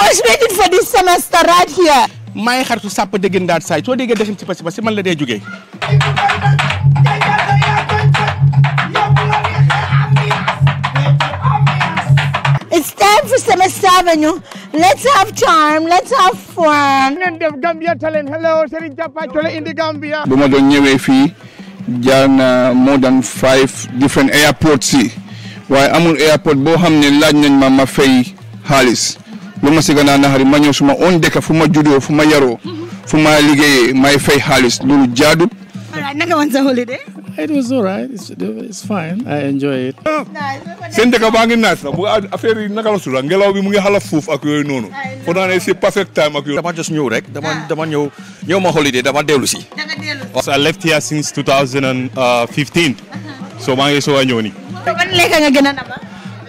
I was waiting for this semester right here. maa ngi xaritu sàpp dégg ndaat saay soo déggee dexin si pasi pasi man la dee jógee. It's time for Semester Avenue. Let's have time. Let's have fun. ngeen def Gambia Talents hello Serigne Japa Chole indi Gambia. bu ma doon ñëwee fii jaar na more than five different airports yi waaye amul airport boo xam ne laaj nañ ma ma fay xaalis. ba ma si gannaaw naxari ma ñëw suma oon dëkk fu ma juddoo fu ma yaroo fu ma liggéeyee may fay xaalis loolu jaadut. voilà naka woon sa holiday. it was all right it's fine I enjoy it. Ah, seen dëkk baa ngi naaj sax bu affaire yi naka la su la ngelaw mu ngi xala fuuf ak yooyu noonu. foog naa ne c'est perfect time ak yooyu. dama just ñëw rek dama ah. dama ñëw ñëw ma holiday dama dellu si. dama dellu si. I left here since 2015 uh, uh-huh. so maa ngi